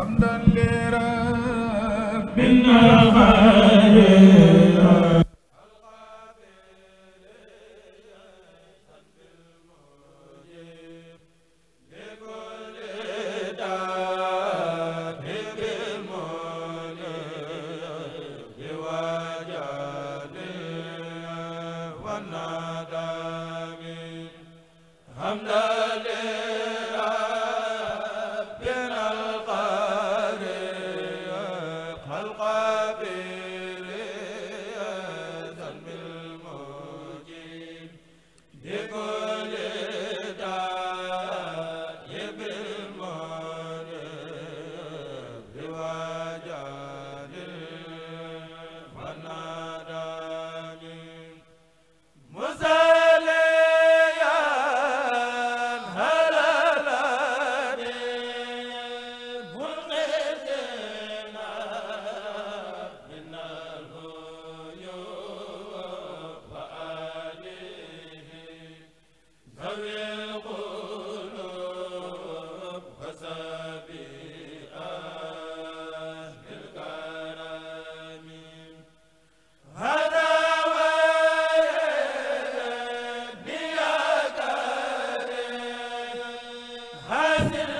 حمدا لرب الخالق Amen.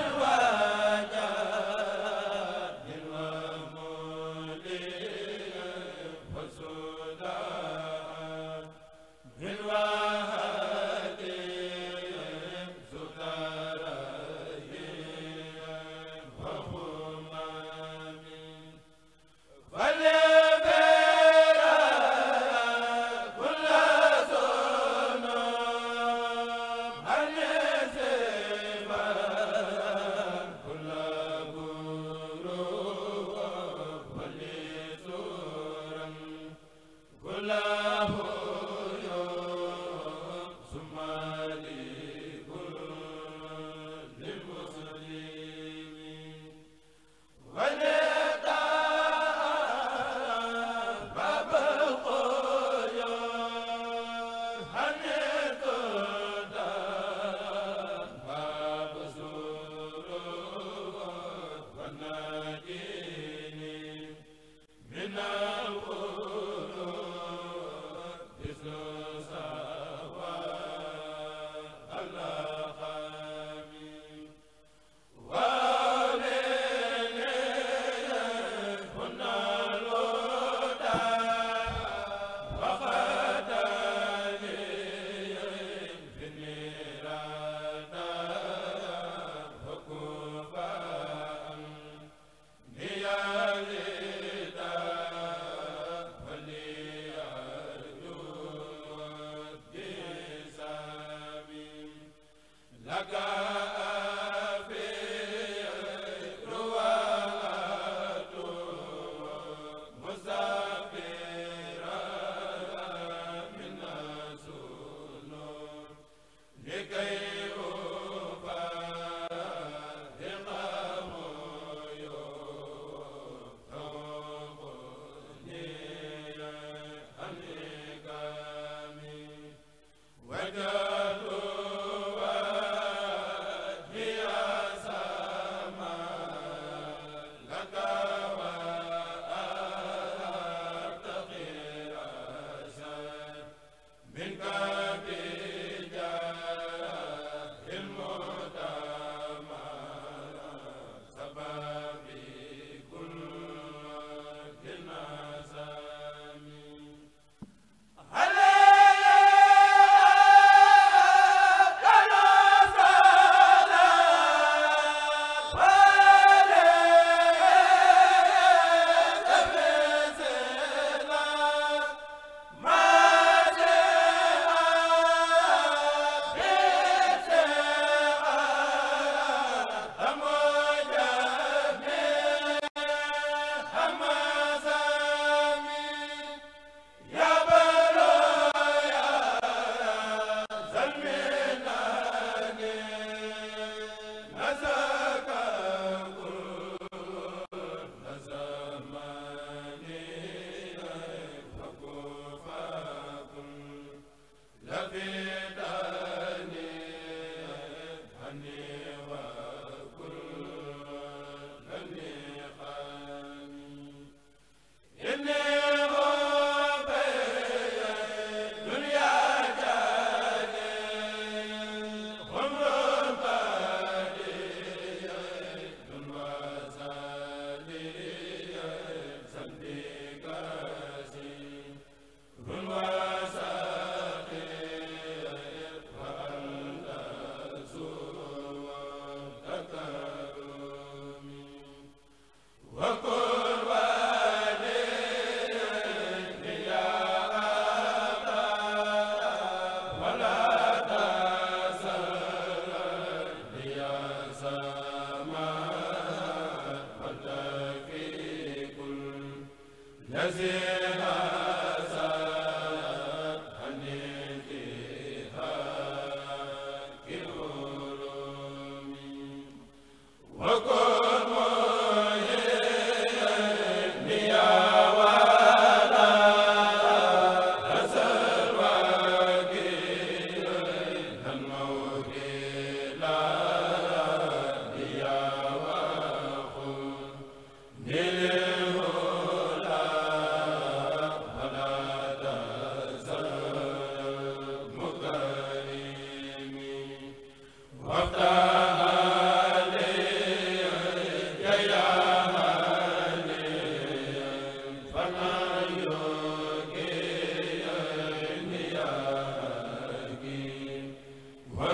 a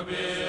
bi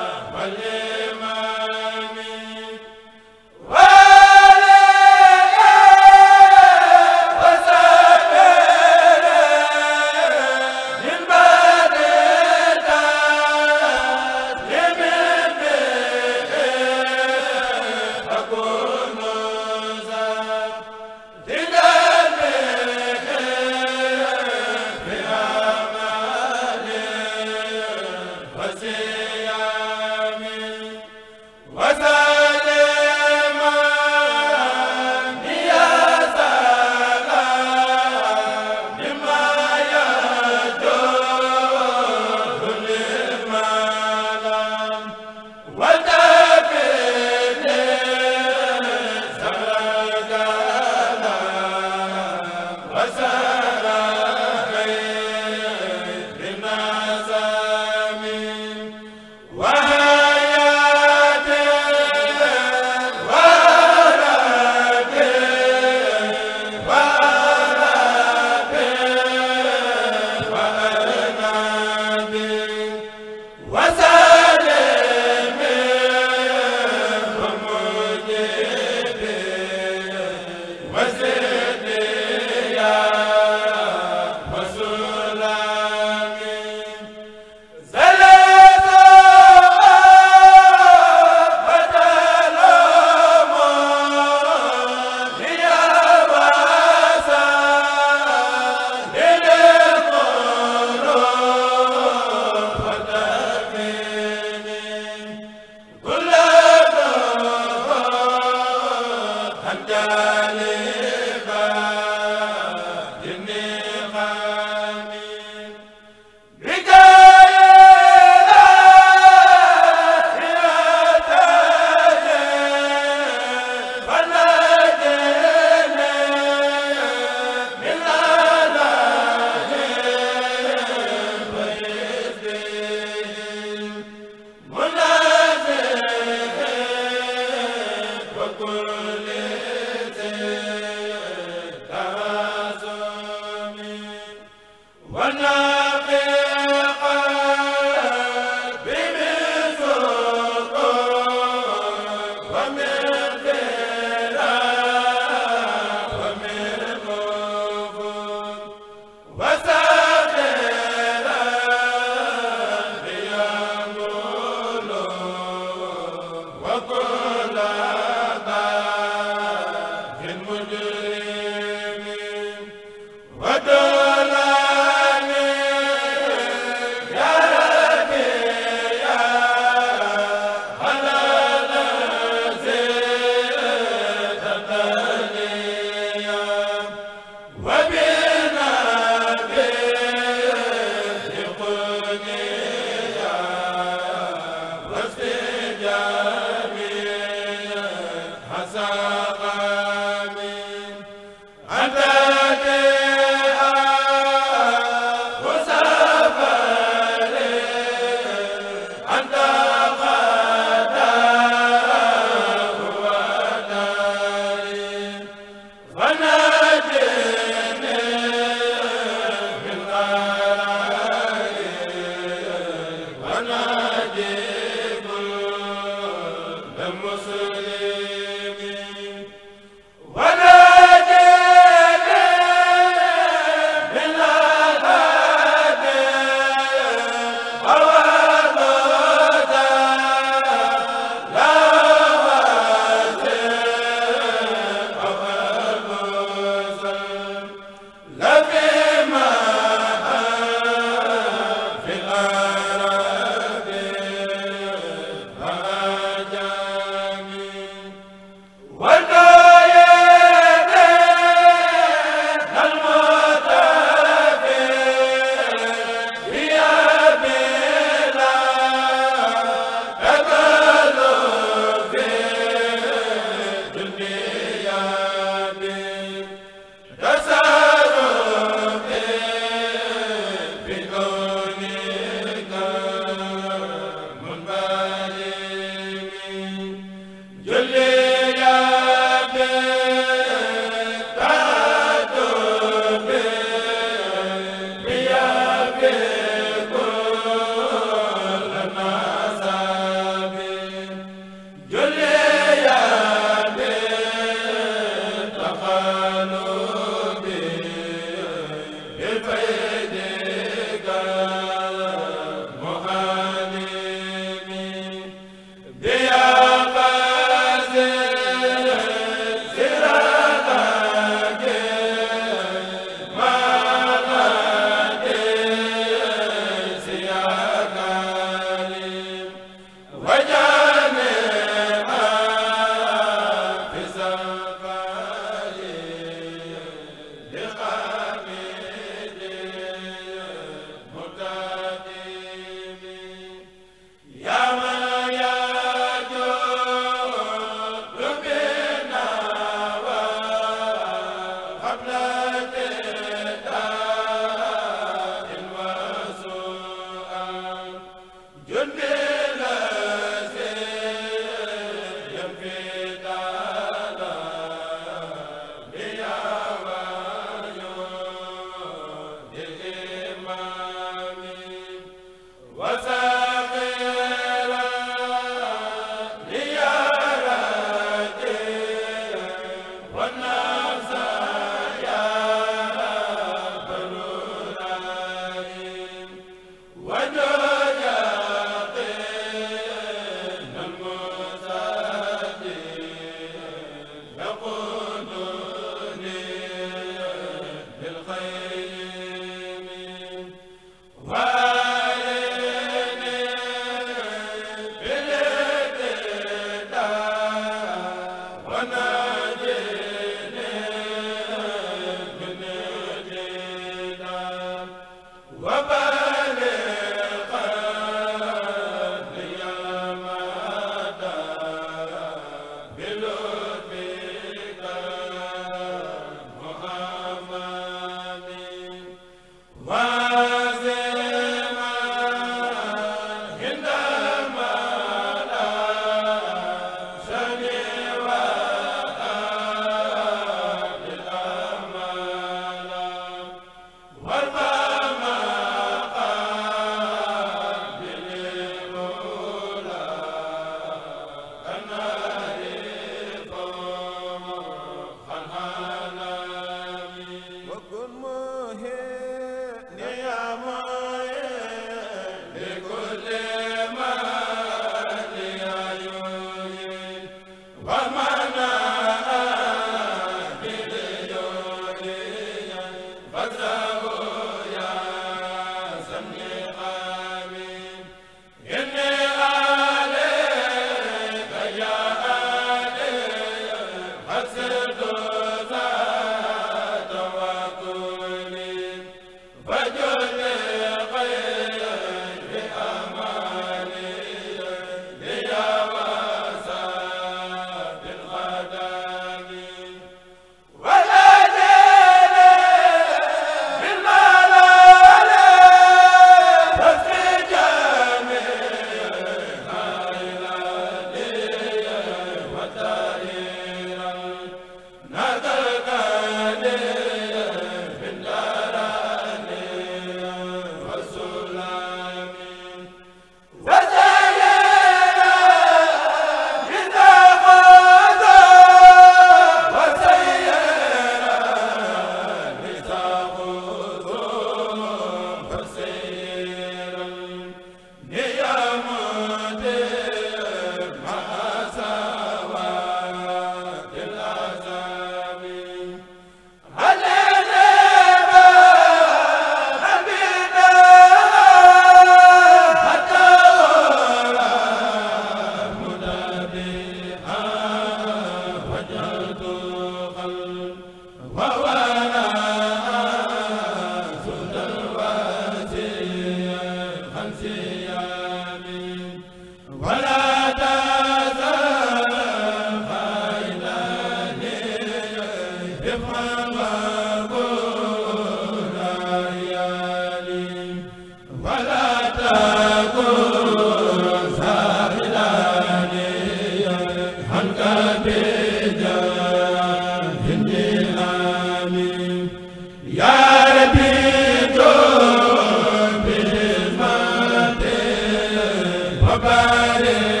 Hare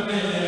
amiin